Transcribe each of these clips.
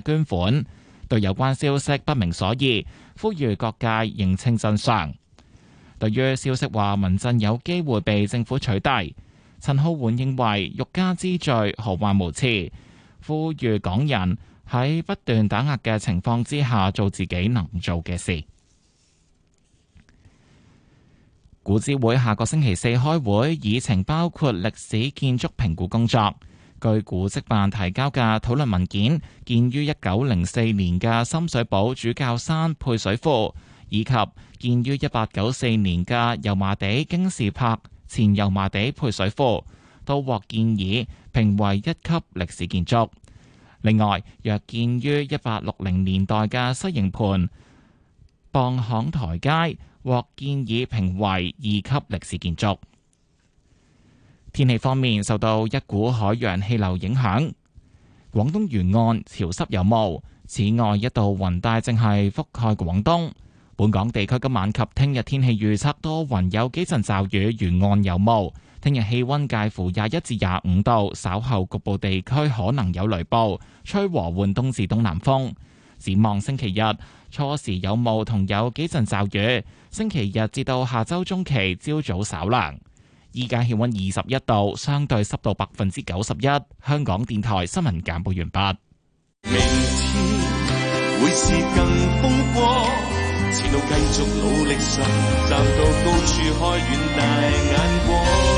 捐款對有關消息不明所以，呼籲各界認清真相。對於消息話民陣有機會被政府取締，陳皓桓認為欲加之罪何患無辭，呼籲港人喺不斷打壓嘅情況之下做自己能做嘅事。古諮會下個星期四開會，議程包括歷史建築評估工作。據古蹟辦提交嘅討論文件，建於一九零四年嘅深水埗主教山配水庫，以及建於一八九四年嘅油麻地京士柏前油麻地配水庫，都獲建議評為一級歷史建築。另外，若建於一八六零年代嘅西營盤磅巷台階，獲建議評為二級歷史建築。天氣方面，受到一股海洋氣流影響，廣東沿岸潮濕有霧。此外，一道雲帶正係覆蓋廣東。本港地區今晚及聽日天氣預測多雲，有幾陣驟雨，沿岸有霧。聽日氣溫介乎廿一至廿五度，稍後局部地區可能有雷暴，吹和緩東至東南風。展望星期日初時有霧，同有幾陣驟雨。星期日至到下周中期，朝早稍涼。依家氣溫二十一度，相對濕度百分之九十一。香港電台新聞簡報完畢。明天會是更風光，前路繼續努力上，站到高處開遠大眼光。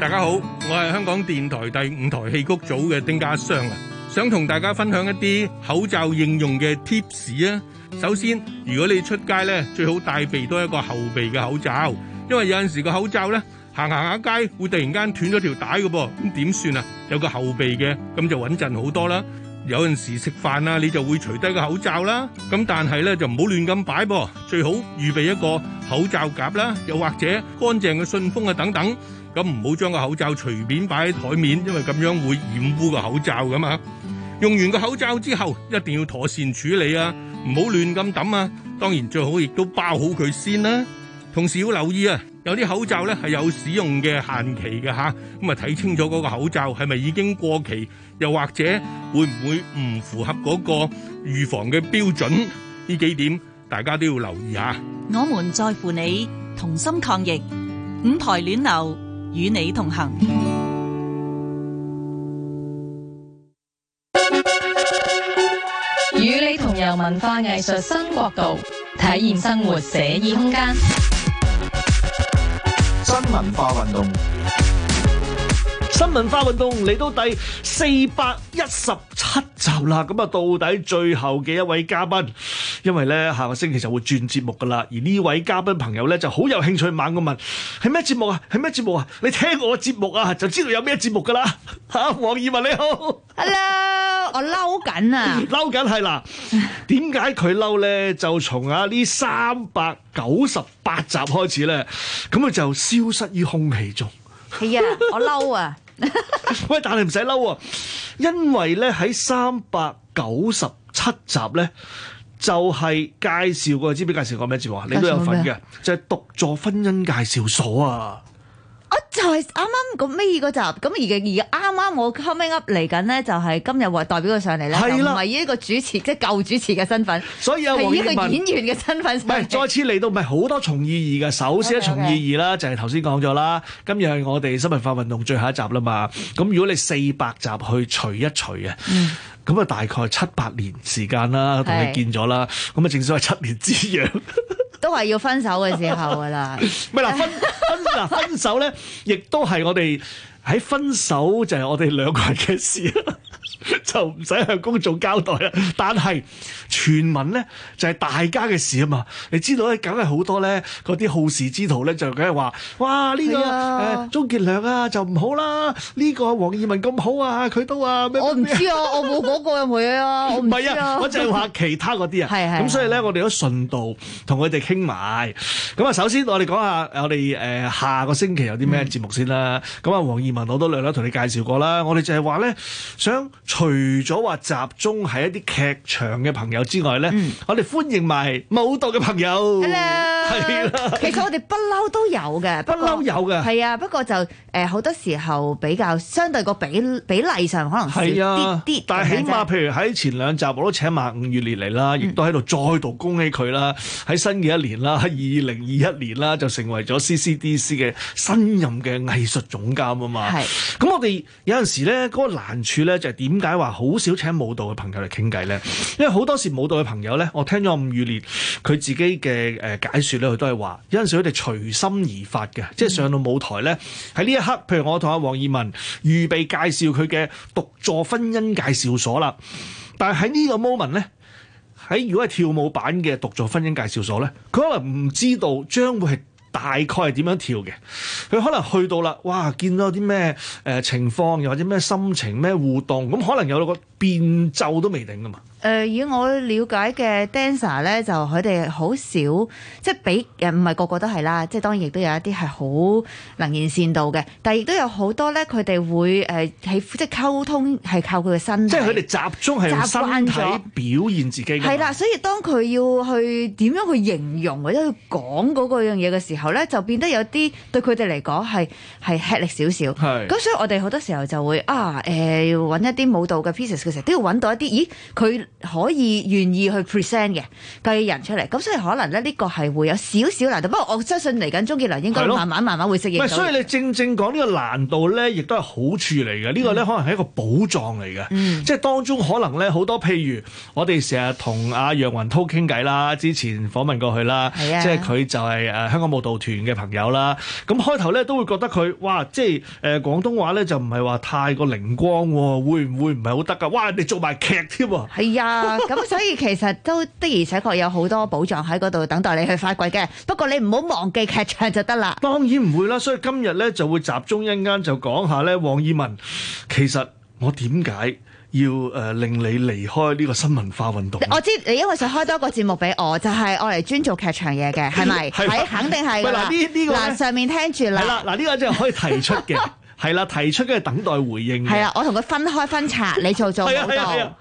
大家好，我係香港電台第五台戲曲組嘅丁家相啊，想同大家分享一啲口罩應用嘅貼士啊。首先，如果你出街咧，最好帶備多一個後備嘅口罩，因為有陣時個口罩咧，行行下街會突然間斷咗條帶嘅噃，咁點算啊？有個後備嘅，咁就穩陣好多啦。有陣時食飯啊，你就會除低個口罩啦。咁但係咧就唔好亂咁擺噃，最好預備一個口罩夾啦，又或者乾淨嘅信封啊等等。咁唔好將個口罩隨便擺喺枱面，因為咁樣會染污個口罩噶嘛。用完個口罩之後，一定要妥善處理啊，唔好亂咁抌啊。當然最好亦都包好佢先啦。同時要留意啊，有啲口罩咧係有使用嘅限期嘅吓，咁啊，睇清楚嗰個口罩係咪已經過期，又或者會唔會唔符合嗰個預防嘅標準？呢幾點大家都要留意吓。我們在乎你，同心抗疫，五台暖流與你同行，與你同遊文化藝術新國度，體驗生活寫意空間。新文化運動，新文化運動嚟到第四百一十七集啦！咁啊，到底最後嘅一位嘉賓。因為咧，下個星期就會轉節目噶啦，而呢位嘉賓朋友咧就好有興趣猛咁問：係咩節目啊？係咩節目啊？你聽過我嘅節目啊，就知道有咩節目噶啦。吓、啊，黃懿雯你好，Hello，我嬲緊啊！嬲緊係嗱，點解佢嬲咧？就從啊呢三百九十八集開始咧，咁佢就消失於空氣中。係 yeah, 啊，我嬲啊！喂，但係唔使嬲啊，因為咧喺三百九十七集咧。就係介紹過，知唔知介紹過咩節目啊？你都有份嘅，就係獨坐婚姻介紹所啊！我就係啱啱講咩嘢嗰集，咁而而啱啱我 coming up 嚟緊呢，就係今日話代表佢上嚟咧，就唔係依一個主持，的即係舊主持嘅身份。所以啊，黃懿雯係依個演員嘅身份。唔係，再次嚟到，唔係好多重意義嘅。首先，一重意義啦，就係頭先講咗啦。今日係我哋新文化運動最後一集啦嘛。咁如果你四百集去除一除啊。嗯咁啊，大概七八年時間啦，同你見咗啦，咁啊是，正所謂七年之癢， 都係要分手嘅時候噶啦。唔係 啦，分分嗱 分手咧，亦都係我哋喺分手就係我哋兩個人嘅事。 就唔使向公眾交代啊！但係傳聞咧就係、是、大家嘅事啊嘛，你知道咧，梗係好多咧嗰啲好事之徒咧，就梗係話哇呢，這個誒，鍾傑良啊、呃、良啊就唔好啦，呢，這個黃懿雯咁好啊，佢都話咩？我唔知啊，我冇嗰個嘢啊，我唔知啊， 啊。我淨係話其他嗰啲啊，咁 是的 所以咧，我哋都順道同佢哋傾埋。咁啊，首先我哋講下我哋誒下個星期有啲咩節目先啦。咁啊，黃懿雯我都略略同你介紹過啦。我哋就係話咧想除。除咗話集中喺一啲劇場嘅朋友之外咧，嗯、我哋歡迎埋舞蹈嘅朋友，係啦 Hello。啊、其實我哋不嬲都有嘅，不嬲有嘅係啊。不過就誒、呃、好多時候比較相對個比比例上可能少啲啲。但係起碼譬的如喺前兩集我都請埋伍宇烈嚟啦，亦都喺度再度恭喜佢啦。喺、嗯、新嘅一年啦，二零二一年啦，就成為咗 CCDC 嘅新任嘅藝術總監啊嘛。係是。咁我哋有陣時咧，嗰個難處咧就係點解話？好少請舞蹈嘅朋友嚟傾偈咧，因為好多時舞蹈嘅朋友咧，我聽咗伍宇烈佢自己嘅誒解說咧，佢都係話，有陣時佢哋隨心而發嘅，嗯、即係上到舞台咧，喺呢一刻，譬如我同阿黃懿雯預備介紹佢嘅獨坐婚姻介紹所啦，但係喺呢個 moment 咧，喺如果係跳舞版嘅獨坐婚姻介紹所咧，佢可能唔知道將會係。大概係點樣跳嘅？佢可能去到啦，哇！見到啲咩誒情況，又或者咩心情、咩互動，咁、嗯、可能有個。變奏都未定噶嘛？誒、呃，以我了解嘅 dancer 咧，就佢哋好少，即係比誒唔係個個都係啦。即係當然亦都有一啲係好能言善道嘅，但係亦都有好多咧，佢哋會誒喺、呃、即係溝通係靠佢嘅身體。即係佢哋集中係用身體表現自己。係啦，所以當佢要去點樣去形容或者去講嗰個樣嘢嘅時候咧，就變得有啲對佢哋嚟講係係吃力少少。係咁是，所以我哋好多時候就會啊要揾、呃、一啲舞蹈嘅 pieces 其實都要揾到一啲，咦？佢可以願意去 present 嘅藝人出嚟，咁所以可能咧呢、呢個係會有少少難度。不過我相信嚟緊鍾傑良應該會慢慢的慢慢會適應。所以你正正講呢、呢個難度咧，亦都係好處嚟嘅。呢個、呢個咧可能係一個寶藏嚟嘅，嗯、即係當中可能咧好多譬如，我哋成日同阿楊雲濤傾偈啦，之前訪問過佢啦，的即係佢就係、是、誒、呃、香港舞蹈團嘅朋友啦。咁開頭咧都會覺得佢，哇！即係誒、呃、廣東話咧就唔係話太過靈光喎，會唔會唔係好得㗎？會唔會唔你做埋劇添喎。係啊，咁所以其實都的而且確有好多寶藏喺嗰度等待你去發掘嘅。不過你唔好忘記劇場就得啦。當然唔會啦，所以今日咧就會集中一間就講下咧，黃懿雯其實我點解要誒、呃、令你離開呢個新文化運動？我知你因為想開多個節目俾我，就係我嚟專做劇場嘢嘅，係咪？係 吧，肯定係。嗱、這個、呢呢個嗱上面聽住啦。係啦，嗱呢個真係可以提出嘅。 係啦，提出嘅等待回應。係啊，我同佢分開分拆，你做做舞蹈，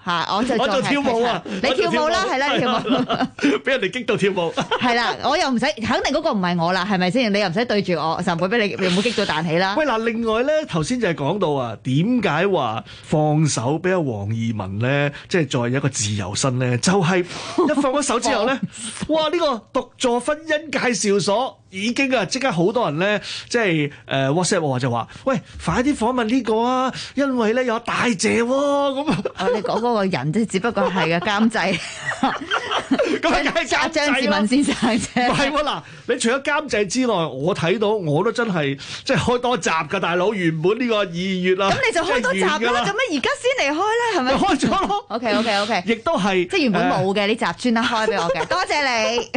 嚇，我就做跳舞。你跳舞啦，係啦，跳舞。俾人哋激到跳舞。係啦，我又唔使，肯定嗰個唔係我啦，係咪先？你又唔使對住我，就唔會俾你，唔會激到彈起啦。喂，嗱，另外咧，頭先就係講到啊，點解話放手俾阿黃懿雯咧，即係作為一個自由身咧，就係一放咗手之後咧，哇！呢個獨坐婚姻介紹所。已經啊！即刻好多人咧，即係誒 WhatsApp 我，就話：喂，快啲訪問呢個啊，因為咧有大姐喎咁啊，講嗰 個人即係只不過係嘅監製。 咁樣梗係集張志文先生啫，係喎。嗱，你除咗監製之外，我睇到我都真係即係開多集噶大佬原本呢個二月啦，咁你就開多集啦，咁樣而家先嚟開咧，係咪？開咗，OK OK OK，亦都係即係原本冇嘅呢集專登開俾我嘅，多謝你。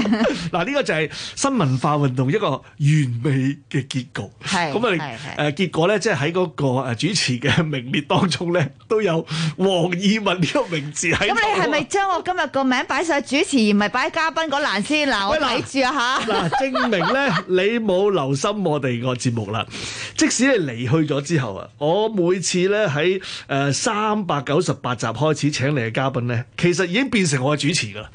嗱，呢個就係新文化運動一個完美嘅結局，係咁啊，誒，結果咧即係喺嗰個誒主持嘅名列當中咧，都有黃懿雯呢個名字喺。咁你係咪將我今日個？名擺曬主持，而唔係擺喺嘉賓嗰欄先。嗱，我睇住啊嚇。嗱、呃呃，證明咧你冇留心我哋個節目啦。 即使你離去咗之後啊，我每次咧喺誒三百九十八集開始請你嘅嘉賓咧，其實已經變成我嘅主持噶啦。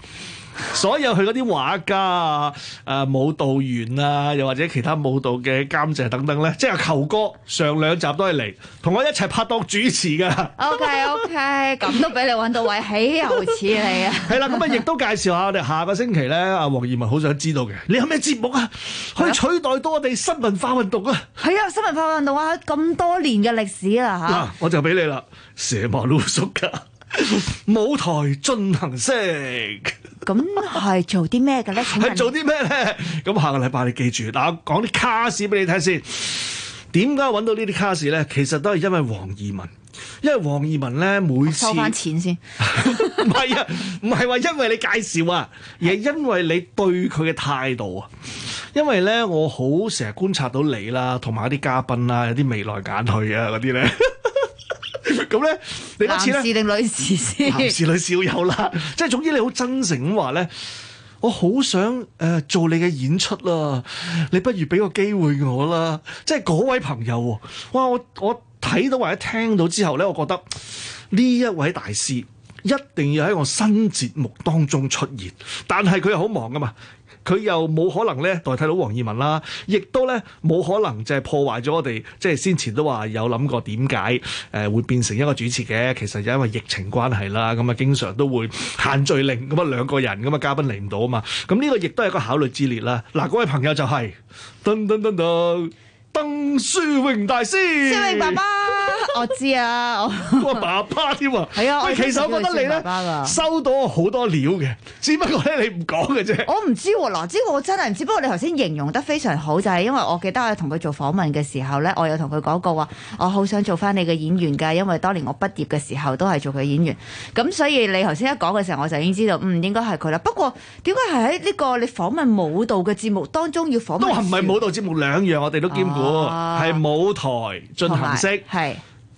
所有去嗰啲畫家啊、誒、啊、舞蹈員啊，又或者其他舞蹈嘅監製等等咧，即係球哥上兩集都係嚟同我一齊拍檔主持噶。OK OK，咁 都俾你揾到位，豈有 此理！啊。係啦，咁啊，亦都介紹下我哋下個星期咧，阿黃懿雯好想知道嘅，你有咩節目啊？可以、啊、取代多我哋新文化運動啊？係啊，新文化運動啊，咁多年嘅歷史啦吓。我就俾你啦，蛇王露叔噶。舞台進行式， 咁係做啲咩嘅咧？係做啲咩咧？咁下個禮拜你記住，嗱，講啲卡士俾你睇先。點解揾到呢啲卡士咧？其實都係因為黃懿雯，因為黃懿雯咧每次收翻錢先，唔係啊，唔係話因為你介紹啊，而係因為你對佢嘅態度啊。因為咧，我好成日觀察到你啦，同埋啲嘉賓啦，有啲眉來眼去啊，嗰啲咧。 咁咧，呢你次呢男士定女士先？男士女士都有啦，即係總之你好真誠咁話咧，我好想誒做你嘅演出啦，你不如俾個機會我啦。即係嗰位朋友，哇！我我睇到或者聽到之後咧，我覺得呢一位大師一定要喺我新節目當中出現，但係佢又好忙噶嘛。佢又冇可能咧代替到黃懿雯啦，亦都咧冇可能就係破壞咗我哋，即係先前都話有諗過點解誒會變成一個主持嘅，其實就因為疫情關係啦，咁啊經常都會限聚令咁啊兩個人咁啊嘉賓嚟唔到啊嘛，咁呢個亦都係一個考慮之列啦。嗱，各位朋友就係噔噔噔噔，鄧書榮大師，書榮爸爸。我知 啊，我爸爸添啊，係啊，其實我覺得你咧收到好多料嘅，只不過咧你唔講嘅啫。我唔知，嗱，呢個我真係唔知。不過你頭先形容得非常好，就係、是、因為我記得我同佢做訪問嘅時候咧，我有同佢講過話，我好想做翻你嘅演員噶，因為當年我畢業嘅時候都係做佢演員。咁所以你頭先一講嘅時候，我就已經知道，嗯，應該係佢啦。不過點解係喺呢個你訪問舞蹈嘅節目當中要訪問？都唔係舞蹈節目，兩樣我哋都兼顧，係、啊、舞台進行式係。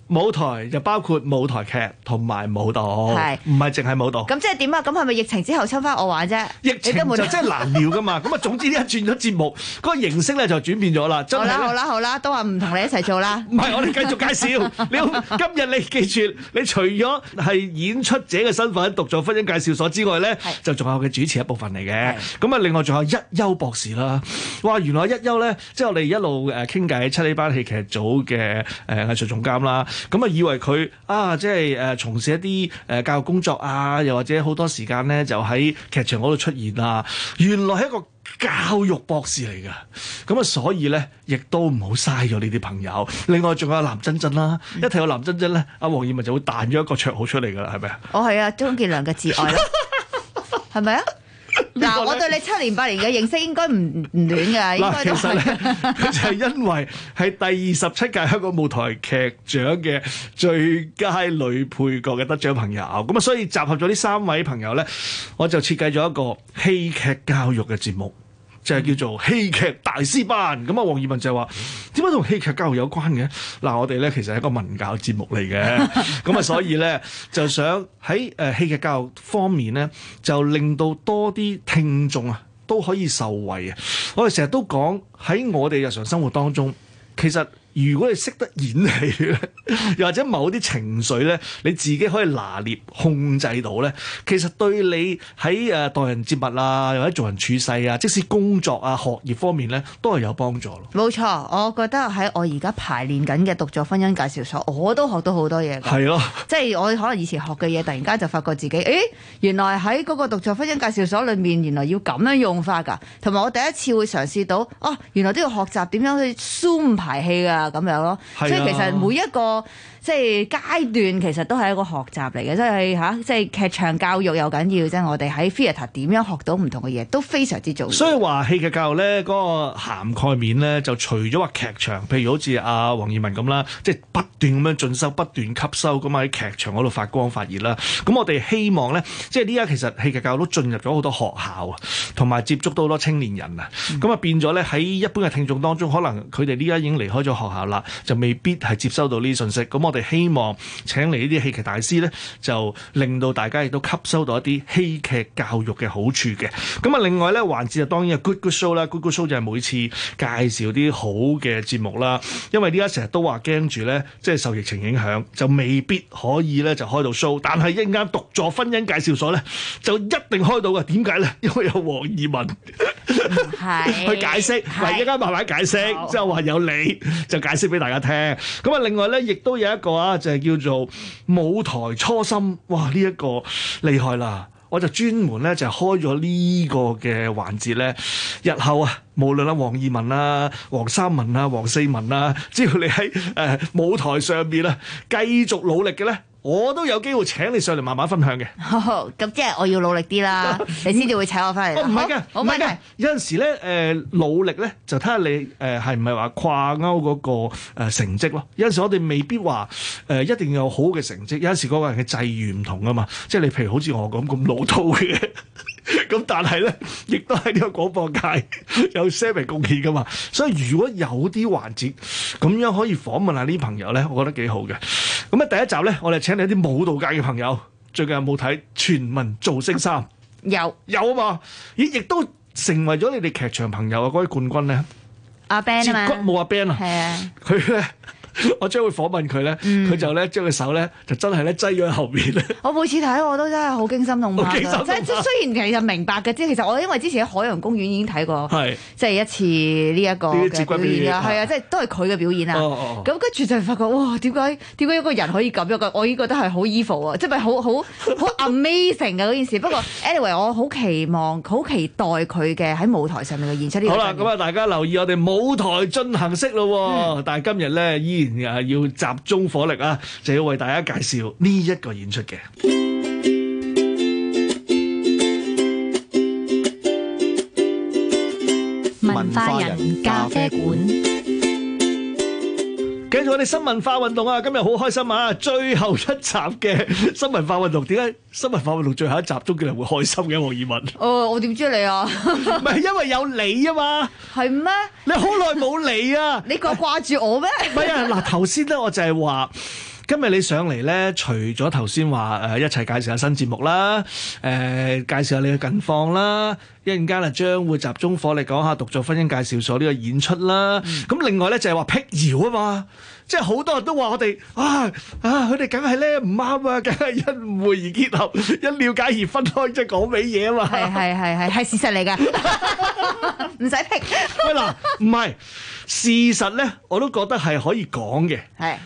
舞台就包括舞台劇同埋舞蹈，唔係淨係舞蹈。咁即係點啊？咁係咪疫情之後抽翻我玩啫？疫情就即係難料噶嘛。咁啊，總之呢一轉咗節目，嗰 個形式咧就轉變咗啦。好啦，好啦，好啦，都話唔同你一齊做啦。唔 係，我哋繼續介紹。 你今日你記住，你除咗係演出者嘅身份，獨坐婚姻介紹所之外咧，是就仲有嘅主持一部分嚟嘅。咁啊是，另外仲有一休博士啦。哇，原來一休咧，即係我哋一路誒傾偈，七哩班戲劇組嘅誒藝術總監啦。咁啊，以為佢啊，即係誒、呃、從事一啲誒、呃、教育工作啊，又或者好多時間咧就喺劇場嗰度出現啊，原來係一個教育博士嚟嘅，咁啊，所以咧亦都唔好嘥咗呢啲朋友。另外仲有藍真真啦，一睇到藍真真咧，阿黃懿雯就會彈咗一個綽號出嚟噶啦，係咪啊？我係啊，鍾傑良嘅摯愛啦，係咪啊？嗱，我對你七年八年嘅認識應該唔唔亂㗎，應該都係。嗱，其實咧，佢 就係因為係第二十七屆香港舞台劇獎嘅最佳女配角嘅得獎朋友，咁啊，所以集合咗呢三位朋友咧，我就設計咗一個戲劇教育嘅節目。就係叫做戲劇大師班咁啊！黃懿雯就係話：點解同戲劇教育有關嘅？嗱、呃，我哋咧其實係一個文教節目嚟嘅，咁啊，所以咧就想喺誒、呃、戲劇教育方面咧，就令到多啲聽眾啊都可以受惠啊！我哋成日都講喺我哋日常生活當中，其實。如果你識得演戲咧，又 或者某啲情緒咧，你自己可以拿捏控制到咧，其實對你喺誒待人接物啊，或者做人處世啊，即使工作啊、學業方面咧，都係有幫助咯。冇錯，我覺得喺我而家排練緊嘅獨坐婚姻介紹所，我都學到好多嘢。係咯，即係我可能以前學嘅嘢，突然間就發覺自己，誒原來喺嗰個獨坐婚姻介紹所裏面，原來要咁樣用法㗎。同埋我第一次會嘗試到，哦、啊、原來都要學習點樣去舒排氣㗎。是啊，咁樣咯，所以其實每一個。即係階段其實都係一個學習嚟嘅，即係嚇、啊，即係劇場教育又緊要即係。我哋喺 theatre 點樣學到唔同嘅嘢都非常之重要。所以話戲劇教育咧，嗰個涵蓋面咧，就除咗話劇場，譬如好似阿黃懿雯咁啦，即係不斷咁樣進修，不斷吸收咁喺劇場嗰度發光發熱啦。咁我哋希望咧，即係呢家其實戲劇教育都進入咗好多學校，同埋接觸到好多青年人啊。咁啊變咗咧，喺一般嘅聽眾當中，可能佢哋呢家已經離開咗學校啦，就未必係接收到呢啲信息。咁我哋。希望請嚟呢啲戲劇大師咧，就令到大家亦都吸收到一啲戲劇教育嘅好處嘅。咁啊，另外咧環節就當然係 Good Good Show 啦，Good Good Show 就係每次介紹啲好嘅節目啦。因為而家成日都話驚住咧，即係受疫情影響，就未必可以咧就開到 show。但係一間獨坐婚姻介紹所咧，就一定開到嘅。點解咧？因為有黃懿雯係去解釋，係一陣間慢慢解釋，之後話有你就解釋俾大家聽。咁啊，另外咧亦都有一個。嘅話就係叫做舞台初心，哇！呢、這、一個厲害啦，我就專門咧就開咗呢個嘅環節咧。日後啊，無論啊黃二文啊、黃三文啊、黃四文啊，只要你喺誒、呃、舞台上面啊繼續努力嘅咧。我都有機會請你上嚟慢慢分享嘅，咁、哦、即係我要努力啲啦， 你先至會請我翻嚟。唔係嘅，唔係嘅，有陣時咧誒、呃、努力咧就睇下你誒係唔係話跨歐嗰、那個、呃、成績咯。有陣時我哋未必話誒、呃、一定要有好嘅成績。有陣時嗰個人嘅際遇唔同啊嘛，即係你譬如好似我咁咁老套嘅。 咁但係咧，亦都喺呢個廣播界有些微貢獻噶嘛，所以如果有啲環節咁樣可以訪問下呢啲朋友咧，我覺得幾好嘅。咁啊，第一集咧，我哋請你一啲舞蹈界嘅朋友，最近有冇睇全民造星三？有有啊嘛？咦，亦都成為咗你哋劇場朋友啊？嗰位冠軍咧，阿 Ben 啊嘛，冇阿 Ben 啊，係啊，佢咧。 我將會訪問佢咧，佢就咧將個手咧，就真係咧擠咗喺後面咧。 我每次睇我都真係好驚心動魄。痛即係雖然其實明白嘅即其實我因為之前喺海洋公園已經睇過，係 即係一次呢一個表演啊，啊，啊，啊，即係都係佢嘅表演啊。咁跟住就發覺哇，點解點解一個人可以咁樣嘅？我已經覺得係好 evil 啊，即係咪好好好 amazing 嘅嗰件事？ 不過 anyway，我好期望、好期待佢嘅喺舞台上面嘅 演出。好啦，咁啊，大家留意我哋舞台進行式咯，但係今日咧依。誒要集中火力啊，就要為大家介紹呢一個演出嘅文化人咖啡館。繼續我哋新文化運動啊！今日好開心啊！最後一集嘅 一 新文化運動，點解新文化運動最後一集中嘅人會開心嘅？黃懿雯，哦，我點、呃、知你啊？唔 係因為有你啊嘛？係咩嗎？你好耐冇嚟啊？ 你掛掛住我咩？唔 係啊！嗱，頭先咧，我就係話。今日你上嚟咧，除咗頭先話誒，一齊介紹下新節目啦，誒，介紹下你嘅近況啦，一陣間啦將會集中火力講下《獨坐婚姻介紹所》呢個演出啦。咁另外咧就係話辟謠啊嘛，即係好多人都話我哋啊啊，佢哋梗係咧唔啱啊，梗係因誤會而結合，因了解而分開，即係講畀嘢啊嘛。係係係係係事實嚟噶，唔使辟。喂嗱？唔係。事實咧，我都覺得係可以講嘅，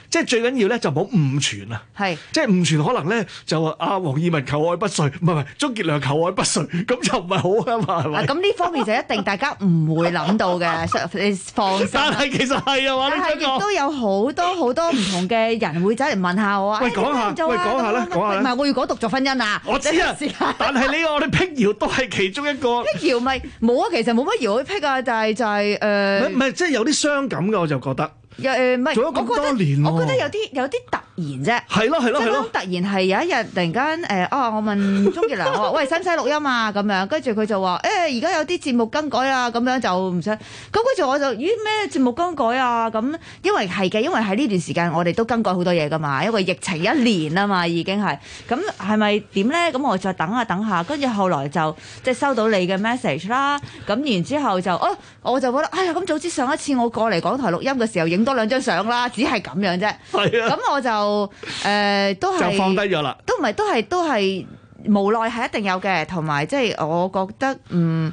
即係最緊要咧就唔好誤傳啊！即係誤傳可能咧就話阿黃懿雯求愛不遂，唔係唔係，鍾傑良求愛不遂，咁就唔係好啊嘛係嘛？咁呢方面就一定大家唔會諗到嘅，放心，但係其實係啊嘛，呢個都有好多好多唔同嘅人會走嚟問下我啊，喂講下，喂講下啦，講下啦，唔係我要講獨坐婚姻啊，我知啊，但係呢個我哋辟謠都係其中一個。辟謠咪冇啊，其實冇乜謠去辟啊，但係就係誒，唔係即係有啲。傷感嘅我就覺得，誒、呃，唔係做咗咁多年我，我覺得有啲有啲突然啫，係咯係咯，即係咯！突然係有一日，突然間誒，哦、呃，我問鍾傑良喂，使唔使錄音啊？咁樣跟住佢就話：誒、欸，而家有啲節，節目更改啊，咁樣就唔想。咁跟住我就咦咩節目更改啊？咁因為係嘅，因為喺呢段時間我哋都更改好多嘢噶嘛，因為疫情一年啊嘛，已經係咁係咪點咧？咁我再等下等下，跟住後來就即係、就是、收到你嘅 message 啦。咁然之後就哦、啊，我就覺得哎呀，咁早知上一次我過嚟港台錄音嘅時候，影多兩張相啦，只係咁樣啫。咁的我就。就誒、呃，都係放低咗啦，都唔係，都係，都係無奈，係一定有嘅，同埋即係我覺得嗯。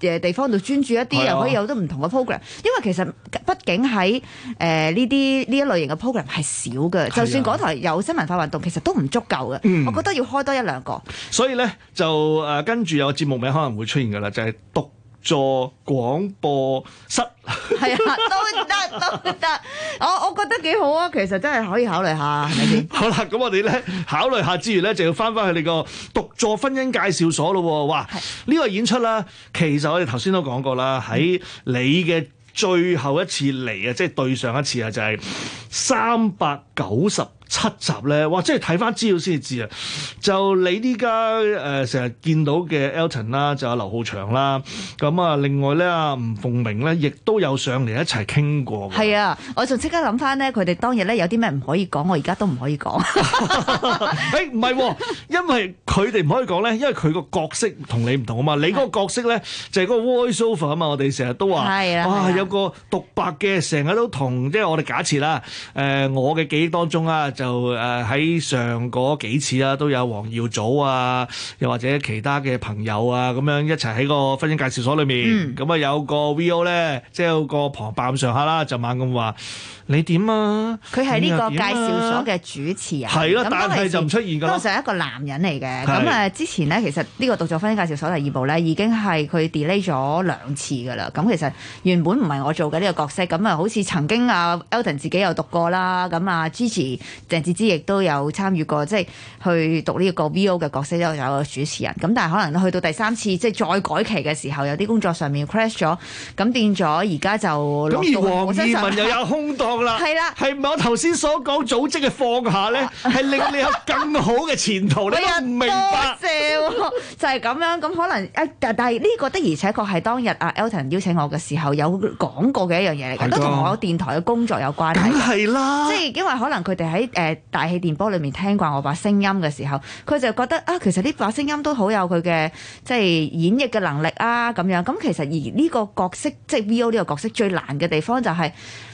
嘅地方度專注一啲，啊、又可以有啲唔同嘅 program。因為其實畢竟喺誒呢啲呢一類型嘅 program 係少嘅，啊、就算嗰台有新文化運動，其實都唔足夠嘅。嗯、我覺得要開多一兩個。所以咧就誒跟住有節目名可能會出現嘅啦，就係、是、獨。做廣播室係啊 都得都得，我我覺得幾好啊，其實真係可以考慮下。 好啦，咁我哋咧考慮下之餘咧，就要翻翻去你個獨坐婚姻介紹所咯。哇，呢 個演出啦，其實我哋頭先都講過啦，喺你嘅最後一次嚟啊，即係對上一次啊，就係三百九十。七集咧，哇！即係睇翻資料先至知、uh, ton, 啊。就你呢家誒成日見到嘅 Elton 啦，就阿劉浩翔啦，咁啊，另外咧阿吳鳳明咧，亦都有上嚟一齊傾過。係啊，我仲即刻諗翻咧，佢哋當日咧有啲咩唔可以講哈哈， 我而家都唔可以講。誒，唔係，因為佢哋唔可以講咧，因為佢個角色你同你唔同啊嘛。 你嗰個角色咧就係、是、嗰個 voiceover 啊嘛。我哋成日都話，哇，有個獨白嘅，成日都同即係我哋假設啦。誒，我嘅記憶當中啊～odc, 啊 就誒喺、呃、上嗰幾次啦，都有黃耀祖啊，又或者其他嘅朋友啊，咁樣一齊喺個婚姻介紹所裏面，咁啊、嗯、有個 V.O. 咧，即係有個旁白上下啦，就猛咁話：你點啊？佢係呢個介紹所嘅主持人，係咯、啊，但係就唔出現㗎啦。其實係一個男人嚟嘅，咁的啊之前咧，其實呢個獨坐婚姻介紹所第二部咧，已經係佢 delay 咗兩次㗎啦。咁其實原本唔係我做嘅呢個角色，咁啊好似曾經阿 Elton 自己有讀過啦，咁啊之前。鄭智之亦都有參與過，即係去讀呢個 VO 嘅角色，有個主持人。咁但係可能去到第三次即係再改期嘅時候，有啲工作上面 crash 咗，咁變咗而家就。咁而黃懿雯又有空檔啦，係啦，係咪我頭先所講組織嘅放下咧，係令你有更好嘅前途咧？你都唔明白，就係咁樣，咁可能誒，但係呢個的而且確係當日阿 Elton 邀請我嘅時候有講過嘅一樣嘢嚟嘅，都同我電台嘅工作有關係。梗係啦，即係因為可能佢哋喺。誒、呃、大氣電波裏面聽慣我把聲音嘅時候，佢就覺得啊，其實呢把聲音都好有佢嘅即係演繹嘅能力啊咁樣。咁其實而呢個角色即係 VO 呢個角色最難嘅地方就係，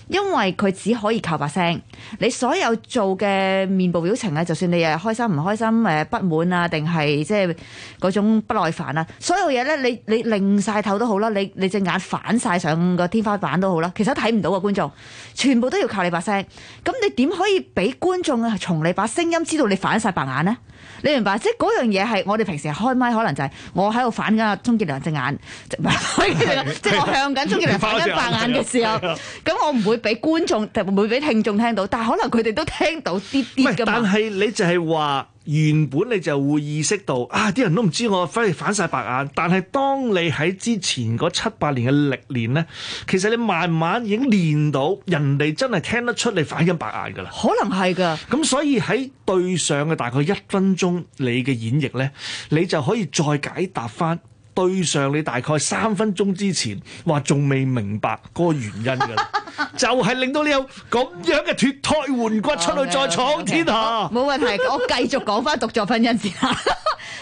因為佢只可以靠把聲。你所有做嘅面部表情咧，就算你誒開心唔開心、誒不、呃、不滿啊，定係即係嗰種不耐煩啊，所有嘢咧，你你擰晒頭都好啦，你你隻眼反晒上個天花板都好啦。其實睇唔到嘅觀眾，全部都要靠你把聲。咁你點可以俾觀？觀眾係從你把聲音知道你反晒白眼咧，你明白？即係嗰樣嘢，係我哋平時開麥，可能就係我喺度反緊阿鍾傑良隻眼，即係我向緊鍾傑良反緊白眼嘅時候，咁我唔會俾觀眾，就唔會俾聽眾聽到，但係可能佢哋都聽到啲啲咁。但係你就係話。原本你就會意識到，啊！啲人都唔知我反而反晒白眼。但係當你喺之前嗰七八年嘅歷練呢，其實你慢慢已經練到人哋真係聽得出你反緊白眼㗎啦。可能係㗎。咁所以喺對上嘅大概一分鐘，你嘅演繹呢，你就可以再解答翻。對上你大概三分鐘之前話仲未明白嗰個原因㗎，就係令到你有咁樣嘅脫胎換骨，出去再闖天下。冇問題，我繼續講返《獨坐婚姻》先啦。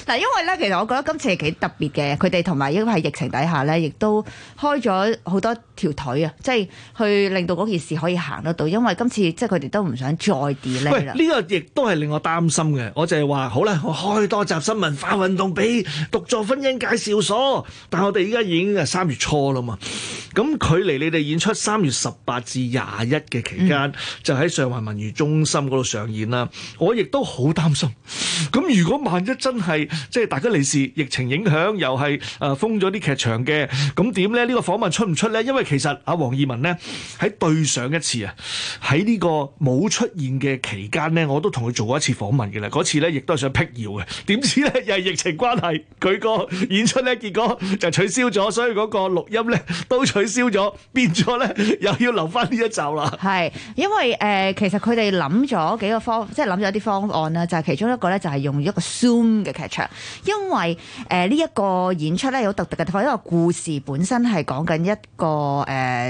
嗱，因為咧，其實我覺得今次係幾特別嘅，佢哋同埋因為係疫情底下咧，亦都開咗好多條腿啊，即係去令到嗰件事可以行得到。因為今次即係佢哋都唔想再跌落嚟啦。喂，呢個亦都係令我擔心嘅。我就係話，好啦，我開多集新文化運動俾《獨坐婚姻》介紹。所，但係我哋而家已經係三月初啦嘛，咁距離你哋演出三月十八至廿一嘅期間，嗯、就喺上環文娛中心嗰度上演啦。我亦都好擔心，咁如果萬一真係即係大家嚟視疫情影響，又係誒、呃、封咗啲劇場嘅，咁點咧？呢個訪問出唔出咧？因為其實阿黃懿雯咧喺對上一次啊，喺呢個冇出現嘅期間咧，我都同佢做過一次訪問嘅啦。嗰次咧亦都係想闢謠嘅，點知咧又係疫情關係，佢個演出咧。結果就取消咗，所以嗰個錄音咧都取消咗，變咗咧又要留返呢一集啦。係，因為誒、呃，其實佢哋諗咗幾個方，即係諗咗啲方案啦，就係、是、其中一個咧，就係、是、用一個 Zoom 嘅劇場，因為誒呢一個演出咧有獨特嘅地方，一個故事本身係講緊一個誒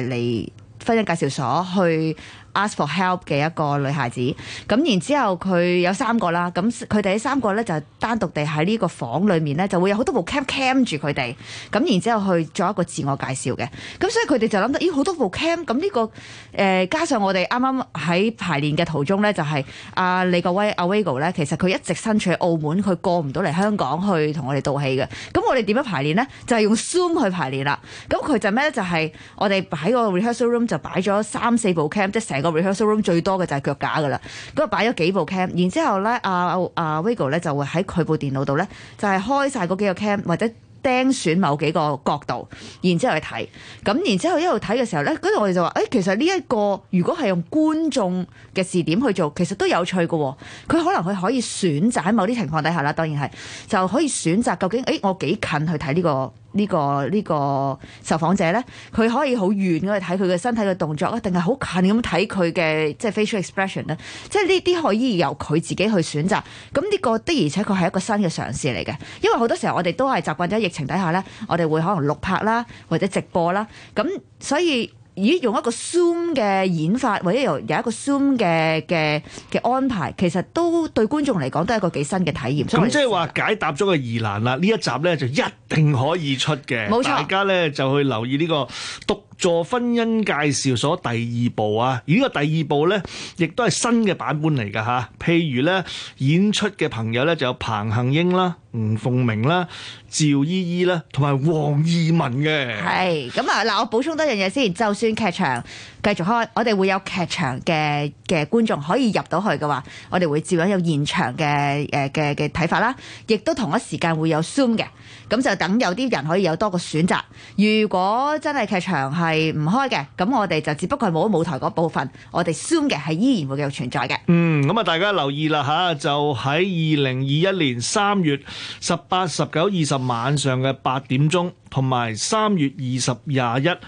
嚟婚姻介紹所去。Ask for help 嘅一個女孩子，咁然之後佢有三個啦，咁佢哋三個咧就單獨地喺呢個房裏面咧就會有好多部 cam cam 住佢哋，咁然之後去做一個自我介紹嘅，咁所以佢哋就諗得，咦好多部 cam，咁呢、這個誒、呃、加上我哋啱啱喺排練嘅途中咧就係、是啊、阿李國威阿 Vigo 咧，其實佢一直身處澳門，佢過唔到嚟香港去同我哋道歉嘅，咁我哋點樣排練咧？就係、是、用 Zoom 去排練啦，咁佢就咩咧？就係、是、我哋喺個 rehearsal room 就擺咗三四部 cam，即係成。個 rehearsal room 最多嘅就係腳架噶啦，咁啊擺咗幾部 cam，然之後咧阿、啊、阿、啊、Vigo 咧就會喺佢部電腦度咧，就係、是、開晒嗰幾個 cam 或者釘選某幾個角度，然之後去睇，咁然之後一路睇嘅時候咧，嗰陣我哋就話，誒、欸，其實呢、這、一個如果係用觀眾嘅視點去做，其實都有趣噶，佢可能佢可以選擇喺某啲情況底下啦，當然係就可以選擇究竟，誒、欸，我幾近去睇呢、這個。呢、這個呢、這個受訪者咧，佢可以好遠去睇佢嘅身體嘅動作啦，定係好近咁睇佢嘅即係 facial expression 咧，即係呢啲可以由佢自己去選擇。咁呢個的而且確係一個新嘅嘗試嚟嘅，因為好多時候我哋都係習慣咗疫情底下咧，我哋會可能錄拍啦，或者直播啦，咁所以。咦，用一個 Zoom 嘅演法，或者有有一個 Zoom 嘅嘅嘅安排，其實都對觀眾嚟講都係一個幾新嘅體驗。咁即係話解答咗個疑難啦，呢一集咧就一定可以出嘅，冇錯錯，大家咧就去留意呢個篤。做婚姻介紹所第二部啊！而呢個第二部呢，亦都係新嘅版本嚟㗎吓，譬如呢演出嘅朋友呢，就有彭杏英啦、吳鳳明啦、趙依依啦，同埋黃懿雯嘅。係咁啊！嗱，我補充多樣嘢先，就算劇場。繼續開，我哋會有劇場嘅嘅觀眾可以入到去嘅話，我哋會照樣有現場嘅誒嘅嘅睇法啦。亦都同一時間會有 Zoom 嘅，咁就等有啲人可以有多個選擇。如果真係劇場係唔開嘅，咁我哋就只不過冇舞台嗰部分，我哋 Zoom 嘅係依然會繼續存在嘅。嗯，咁啊，大家留意啦嚇，就喺二零二一年三月十八、十九、二十晚上嘅八點鐘。同埋三月二十廿一下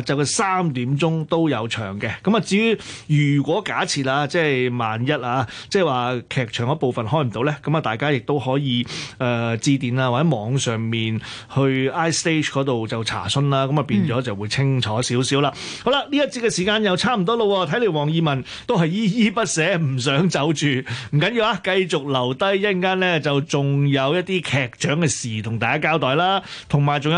晝嘅三點鐘都有場嘅。咁啊，至於如果假設啦，即係萬一啊，即係話劇場部分開唔到咧，咁啊，大家亦都可以誒、呃、致電啊，或者網上面去 iStage 度就查詢啦。咁啊，變咗就會清楚少少啦。嗯、好啦，呢一節嘅時間又差唔多咯喎，睇嚟黃懿雯都係依依不捨唔想走住。唔緊要啊，繼續留低一陣間咧，就仲有一啲劇場嘅事同大家交代啦，同埋仲有。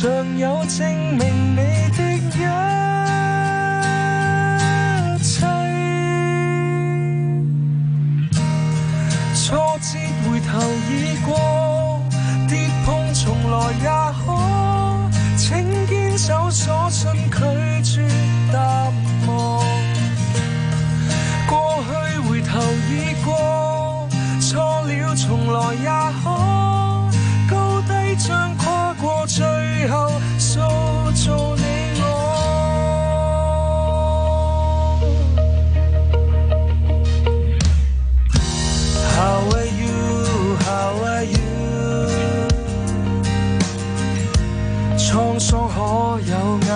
尚有證明你的一切，挫折回頭已過，跌碰從來也可。請堅守所信，拒絕淡忘。過去回頭已過，錯了從來也可。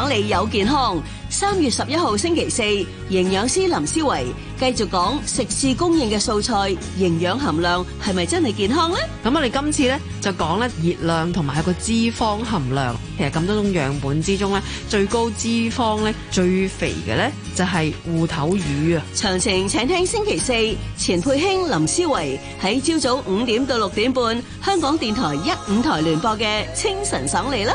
講你有健康，三月十一號星期四，營養師林思維繼續講食肆供應嘅素菜營養含量係咪真係健康呢？咁我哋今次咧就講咧熱量同埋個脂肪含量。其實咁多種樣本之中咧，最高脂肪咧最肥嘅咧就係芋頭魚啊！詳情，請聽星期四，錢佩卿、林思維喺朝早五點到六點半，香港電台一五台聯播嘅清晨爽利啦。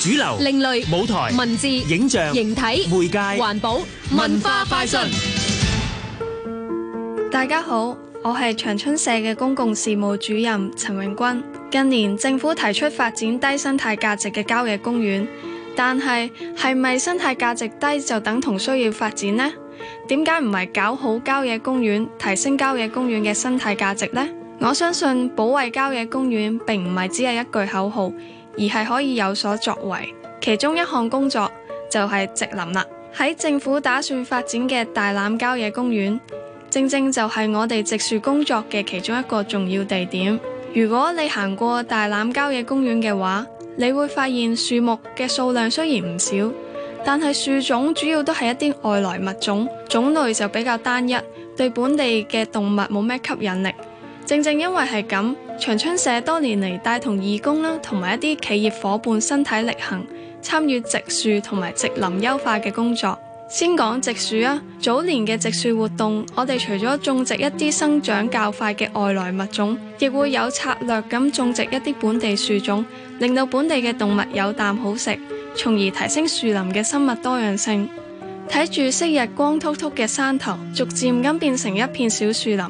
主流、另類舞台、文字、影像、形體、媒介、環保、文化快訊。大家好，我係長春社嘅公共事務主任陳永軍。近年政府提出發展低生態價值嘅郊野公園，但係係咪生態價值低就等同需要發展呢？點解唔係搞好郊野公園，提升郊野公園嘅生態價值呢？我相信保衛郊野公園並唔係只係一句口號。而係可以有所作為，其中一項工作就係植林啦。喺政府打算發展嘅大欖郊野公園，正正就係我哋植樹工作嘅其中一個重要地點。如果你行過大欖郊野公園嘅話，你會發現樹木嘅數量雖然唔少，但係樹種主要都係一啲外來物種，種類就比較單一，對本地嘅動物冇咩吸引力。正正因為係咁。長春社多年嚟帶同義工啦，同埋一啲企業夥伴身體力行，參與植樹同埋植林優化嘅工作。先講植樹啊，早年嘅植樹活動，我哋除咗種植一啲生長較快嘅外來物種，亦會有策略咁種植一啲本地樹種，令到本地嘅動物有啖好食，從而提升樹林嘅生物多樣性。睇住昔日光禿禿嘅山頭，逐漸咁變成一片小樹林。